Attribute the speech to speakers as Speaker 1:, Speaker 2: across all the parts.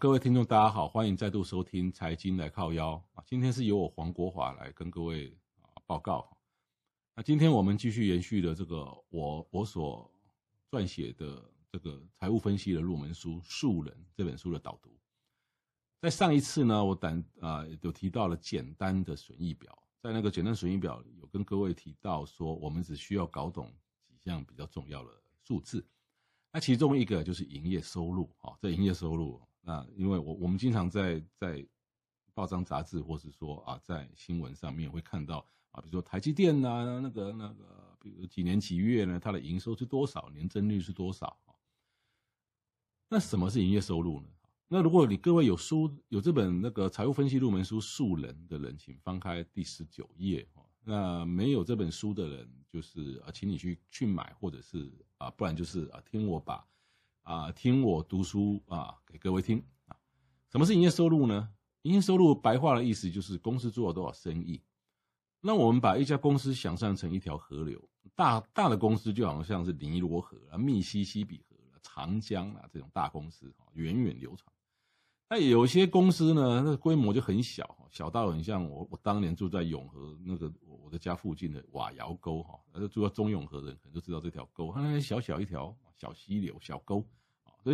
Speaker 1: 各位聽眾，大家好，歡迎再度收聽《財經來靠腰》，今天是由我黃國華來跟各位啊報告。那今天我們繼續延續的這個我我所撰寫的這個財務分析的入門書《素人》這本書的導讀。在上一次呢，我等啊有提到了簡單的損益表，在那個簡單損益表有跟各位提到說，我們只需要搞懂幾項比較重要的數字。那其中一個就是營業收入啊，這營業收入，啊，因為我我們經常在在報章雜誌或是說啊，在新聞上面會看到啊，比如說台積電吶、啊、那個那個，比如幾年幾月呢，它的營收是多少，年增率是多少。那什麼是營業收入呢？那如果你各位有書有這本那個財務分析入門書《素人》的人，請翻開第十九頁。那沒有這本書的人，就是啊，請你去去買，或者是啊，不然就是啊，聽我把。啊，聽我讀書啊，給各位聽啊。什麼是營業收入呢？營業收入白話的意思就是公司做了多少生意。那我們把一家公司想象成一條河流，大大的公司就好像是尼羅河啊，密西西比河、長江啊這種大公司、啊、源遠流長。那有些公司呢，那規模就很小，小到很像我我當年住在永和那個我的家附近的瓦窑溝哈，那、啊、住在中永和的人可能就知道這條溝，那、啊、小小一條小溪流、小溝。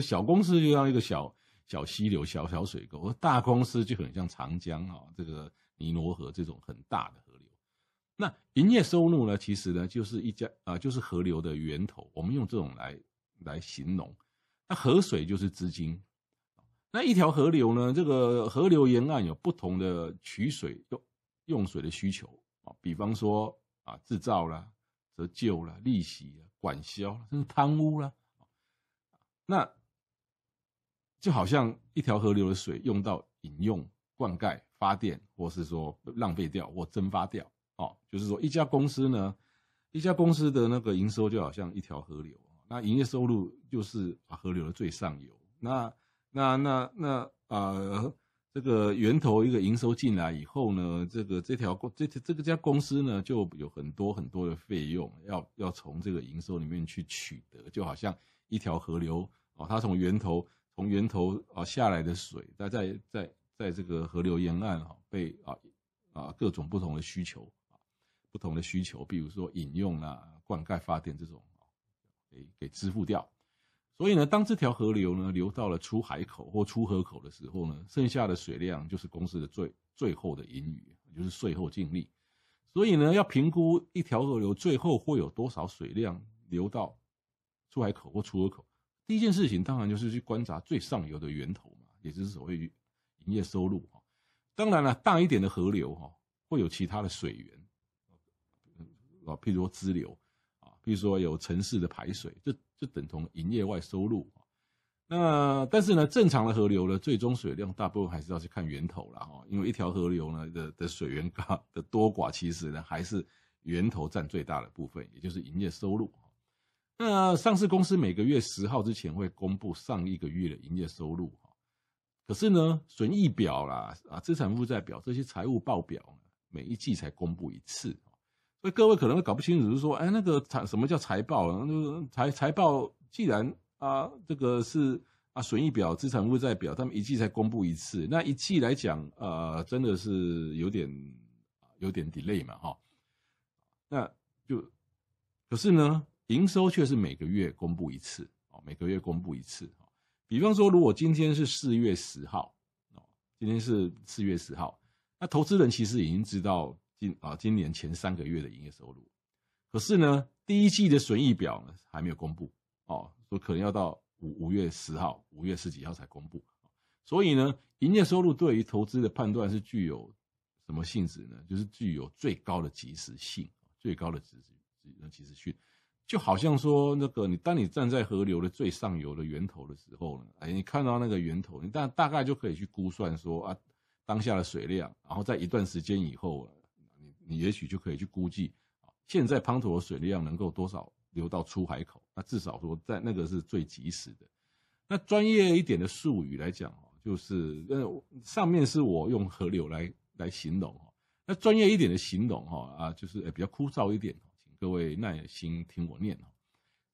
Speaker 1: 小公司就像一個小小溪流、小小水溝，大公司就很像長江啊，這個尼羅河這種很大的河流。那營業收入呢，其實呢就是一家啊，就是河流的源頭。我們用這種來來形容，那河水就是資金。那一條河流呢，這個河流沿岸有不同的取水用用水的需求啊，比方說啊，制造啦、折舊啦、利息啦、管銷啦，甚至貪污啦。那。就好像一條河流的水用到飲用、灌溉、發電，或是說浪費掉或蒸發掉，哦，就是說一家公司呢，一家公司的那個營收就好像一條河流，那營業收入就是河流的最上游。那那那那啊、呃，這個源頭一個營收進來以後呢，這個這條公這這個家公司呢，就有很多很多的費用要要從這個營收裡面去取得，就好像一條河流哦，它從源頭。從源頭啊下來的水在，那在在在這個河流沿岸啊被，啊啊各種不同的需求啊，不同的需求，比如說飲用啊，灌溉、發電這種給給支付掉。所以呢，當這條河流呢流到了出海口或出河口的時候呢，剩下的水量就是公司的最最後的盈餘，就是稅後淨利。所以呢，要評估一條河流最後會有多少水量流到出海口或出河口。第一件事情當然就是去觀察最上游的源頭嘛，也就是所謂營業收入哈。當然了，大一點的河流哈會有其他的水源，啊，譬如說支流，啊，譬如說有城市的排水，就就等同營業外收入啊。那但是呢，正常的河流呢，最終水量大部分還是要去看源頭了哈，因為一條河流呢的的水源的多寡其實呢還是源頭佔最大的部分，也就是營業收入。那上市公司每個月十號之前會公布上一個月的營業收入，可是呢，損益表啦，啊，資產負債表這些財務報表，每一季才公布一次，所以各位可能會搞不清楚，就是說，哎，那個財什麼叫財報啊？那財財報既然啊，這個是啊損益表、資產負債表，他們一季才公布一次，那一季來講，呃，真的是有點有點 delay 嘛，哈、哦，那就，可是呢。營收卻是每個月公布一次，每個月公布一次，比方說，如果今天是四月十號，今天是四月十號，那投資人其實已經知道今啊今年前三個月的營業收入，可是呢，第一季的損益表呢還沒有公布哦，說可能要到五五月十號、五月十幾號才公布。所以呢，營業收入對於投資的判斷是具有什麼性質呢？就是具有最高的即時性，最高的即時、即時性。就好像說那個，你當你站在河流的最上游的源頭的時候呢，哎，你看到那個源頭，你大大概就可以去估算說啊，當下的水量，然後在一段時間以後，啊，你你也許就可以去估計現在滂沱的水量能夠多少流到出海口？那至少說在那個是最及時的。那專業一點的術語來講就是，那上面是我用河流來來形容哦，那專業一點的形容哈啊，就是比較枯燥一點。各位耐心聽我念哦，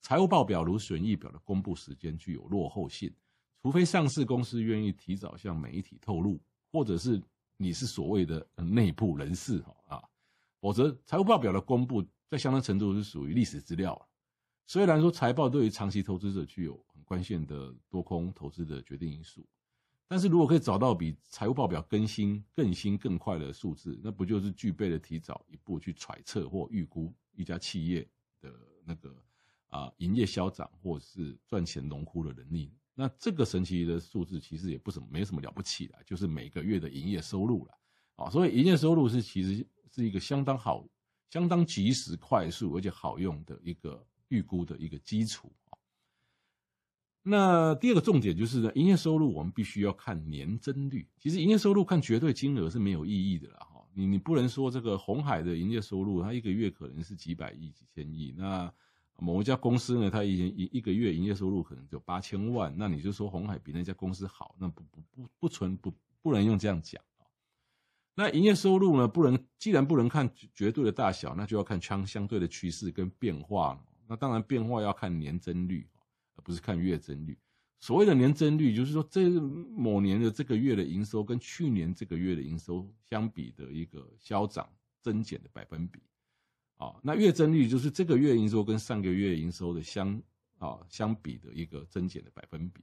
Speaker 1: 財務報表如損益表的公布時間具有落後性，除非上市公司願意提早向媒體透露，或者是你是所謂的內部人士哈啊，否則財務報表的公布在相當程度是屬於歷史資料。雖然說財報對於長期投資者具有很關鍵的多空投資的決定因素。但是如果可以找到比財務報表更新、更新、更快的數字，那不就是具備了提早一步去揣測或預估一家企業的那個啊、呃、營業消長或是賺錢榮枯的能力？那這個神奇的數字其實也不什沒什麼了不起啦，就是每個月的營業收入了啊、哦。所以營業收入是其實是一個相當好、相當及時、快速而且好用的一個預估的一個基礎。那第二個重點就是呢，營業收入我們必須要看年增率。其實營業收入看絕對金額是沒有意義的了哈。你你不能說這個鴻海的營業收入，它一個月可能是幾百億、幾千億。那某家公司呢，它以前一一個月營業收入可能就八千萬，那你就說鴻海比那家公司好，那不不不不存不不,不能用這樣講。那營業收入呢，不能既然不能看絕對的大小，那就要看相相對的趨勢跟變化。那當然變化要看年增率。不是看月增率，所謂的年增率就是說，這某年的這個月的營收跟去年這個月的營收相比的一個消長增減的百分比。啊，那月增率就是這個月營收跟上個月營收的相啊相比的一個增減的百分比。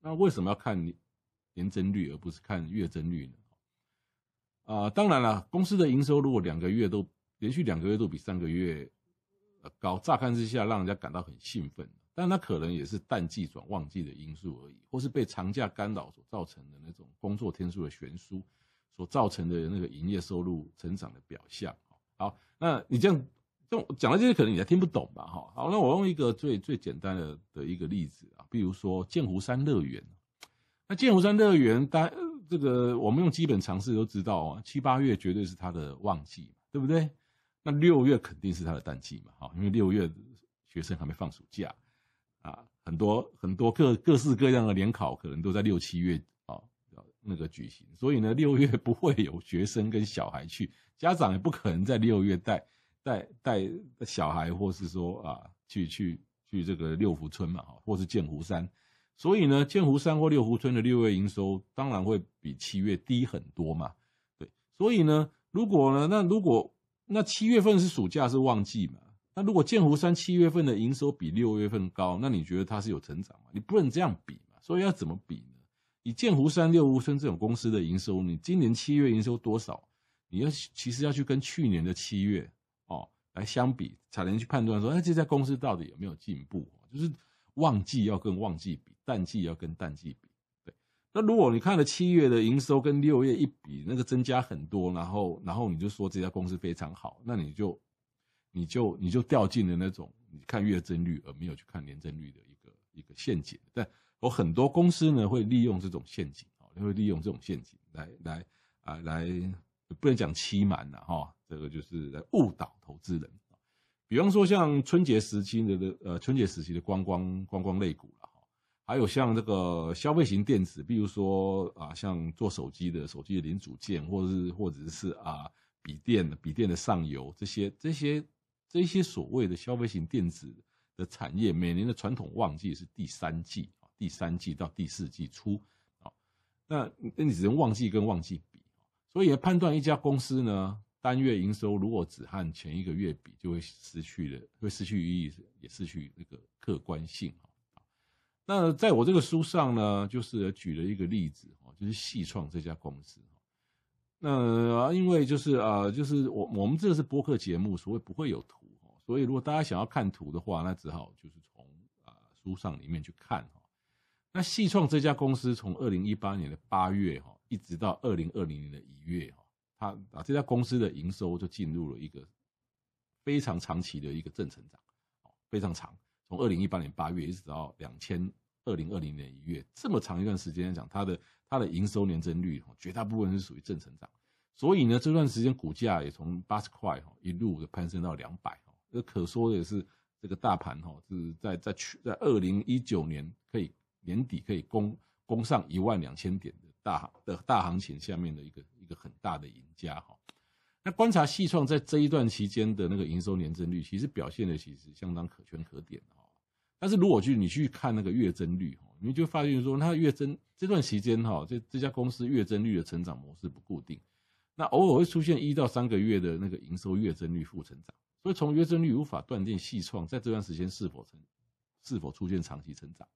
Speaker 1: 那為什麼要看年增率而不是看月增率呢？啊，當然了，公司的營收如果兩個月都連續兩個月都比上個月呃高，乍看之下讓人家感到很興奮。但它可能也是淡季轉旺季的因素而已，或是被長假干擾所造成的那種工作天數的懸殊，所造成的那個營業收入成長的表象。好，那你這樣就講這些，可能你還聽不懂吧？哈，好，那我用一個最最簡單的的一個例子啊，比如說劍湖山樂園。那劍湖山樂園，大家這個我們用基本常識都知道啊、哦，七八月絕對是它的旺季嘛，對不對？那六月肯定是它的淡季嘛，哈，因為六月學生還沒放暑假。啊，很多很多各各式各樣的聯考可能都在六七月啊、哦，那個舉行，所以呢，六月不會有學生跟小孩去，家長也不可能在六月帶帶帶小孩，或是說啊，去去去這個六福村嘛，或是劍湖山，所以呢，劍湖山或六福村的六月營收當然會比七月低很多嘛，對，所以呢，如果呢，那如果那七月份是暑假是旺季嘛。那如果劍湖山七月份的營收比六月份高，那你覺得它是有成長嗎？你不能這樣比嘛。所以要怎麼比呢？以劍湖山、六福村這種公司的營收，你今年七月營收多少？你要其實要去跟去年的七月哦來相比，才能去判斷說，哎，這家公司到底有沒有進步？就是旺季要跟旺季比，淡季要跟淡季比。對。那如果你看了七月的營收跟六月一比，那個增加很多，然後然後你就說這家公司非常好，那你就。你就你就掉進了那種你看月增率而沒有去看年增率的一個一個陷阱，但有很多公司呢會利用這種陷阱啊，會利用這種陷阱，會利用這種陷阱來來啊來，不能講欺瞞了哈，這個就是來誤導投資人。比方說像春節時期的的呃春節時期的觀光觀光，光，光類股了哈，還有像這個消費型電子，比如說啊像做手機的手機的零組件，或者是或者是啊筆電的筆電的上游這些這些。這些這些所謂的消費型電子的產業，每年的傳統旺季是第三季啊，第三季到第四季初啊，那你只能旺季跟旺季比，所以也判斷一家公司呢，單月營收如果只和前一個月比，就會失去了，會失去意義，也失去那個客觀性啊。那在我這個書上呢，就是舉了一個例子啊，就是矽創這家公司，那因為就是啊，就是我我們這個是播客節目，所以不會有圖。所以，如果大家想要看圖的話，那只好就是從啊書上裡面去看。那矽創這家公司從二零一八年的八月哈，一直到二零二零年的一月哈，它啊這家公司的營收就進入了一個非常長期的一個正成長，哦，非常長，從二零一八年八月一直到兩千二零二零年一月，這麼長一段時間來講，它的它的營收年增率，絕大部分是屬於正成長。所以呢，這段時間股價也從八十塊一路的攀升到兩百。這可說也是這個大盤哈，是在在去在二零一九年可以年底可以攻攻上一萬兩千點的大行的大行情下面的一個一個很大的贏家哈。那觀察矽創在這一段期間的那個營收年增率，其實表現的其實相當可圈可點哈。但是如果去你去看那個月增率，你就發現說，它月增這段時間哈，這這家公司月增率的成長模式不固定，那偶爾會出現一到三個月的那個營收月增率負成長。所以從月增率，無法斷定細創在這段時間是否成是否出現長期成長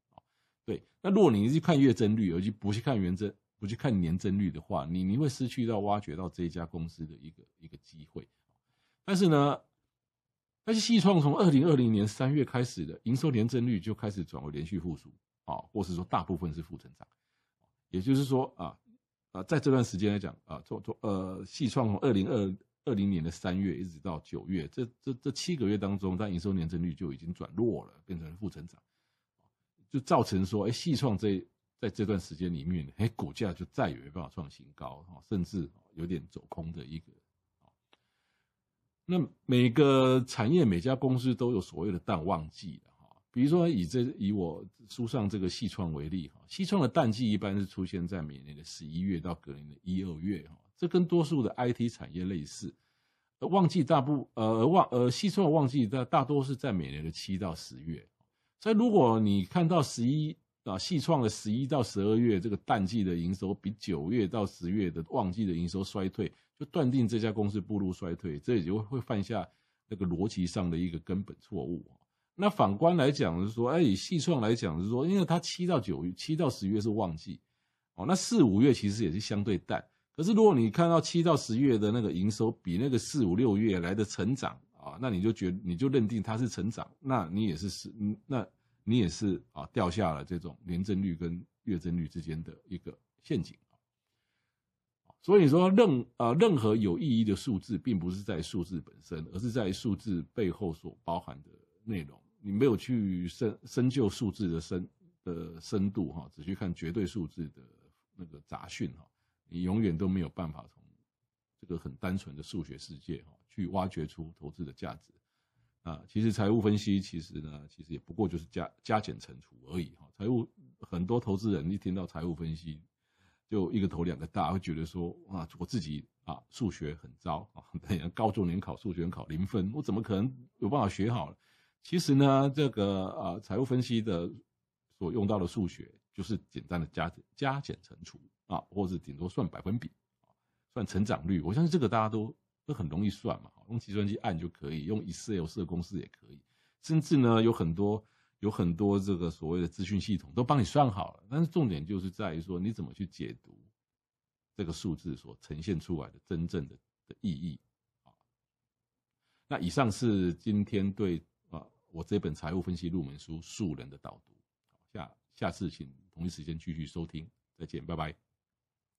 Speaker 1: 對。那如果你去看月增率，而且不去看原增，不去看年增率的話，你你會失去到挖掘到這一家公司的一個一個機會。但是呢，但是細創從二零二零年三月開始的營收年增率就開始轉為連續負數啊，或是說大部分是負增長。也就是說啊啊，在這段時間來講啊，做做呃細創從二零二二零年的三月一直到九月，這這這七個月當中，它營收年增率就已經轉弱了，變成了負成長，就造成說，哎，細創這在這段時間裡面，哎，股價就再也沒辦法創新高，哈，甚至有點走空的一個。那每個產業每家公司都有所謂的淡旺季的，哈，比如說以這以我書上這個細創為例，哈，細創的淡季一般是出現在每年的十一月到隔年的一、二月，哈。這跟多數的 IT 產業類似，旺季大部呃，旺呃，矽創的旺季大大多是在每年的七到十月，所以如果你看到十一啊，矽創的十一到十二月這個淡季的營收比九月到十月的旺季的營收衰退，就斷定這家公司步入衰退，這也就會犯下那個邏輯上的一個根本錯誤。那反觀來講，是說，以、哎、矽創來講就是說，因為它七到九月七到十月是旺季哦，那四五月其實也是相對淡。可是，如果你看到七到十月的那個營收比那個四五六月來的成長啊，那你就覺你就認定它是成長，那你也是是，那你也是啊掉下了這種年增率跟月增率之間的一個陷阱啊。所以說，任、任、呃、啊，任何有意義的數字，並不是在數字本身，而是在數字背後所包含的內容。你沒有去深深究數字的深的深度哈、啊，只去看絕對數字的那個雜訊哈、啊。你永遠都沒有辦法從這個很單純的數學世界哈，去挖掘出投資的價值啊！其實財務分析其實呢，其實也不過就是加加減乘除而已哈。財務很多投資人一聽到財務分析，就一個頭兩個大，會覺得說哇，我自己啊數學很糟啊，高中聯考數學考零分，我怎麼可能有辦法學好？其實呢，這個啊財務分析的所用到的數學就是簡單的加加減乘除。啊，或是頂多算百分比，啊，算成長率，我相信這個大家都都很容易算嘛，啊，用計算機按就可以，用 Excel 設公式也可以，甚至呢有很多有很多這個所謂的資訊系統都幫你算好了。但是重點就是在於說你怎麼去解讀這個數字所呈現出來的真正的的意義，啊。那以上是今天對啊我這本財務分析入門書《素人的導讀》啊。下下次請同一時間繼續收聽，再見，拜拜。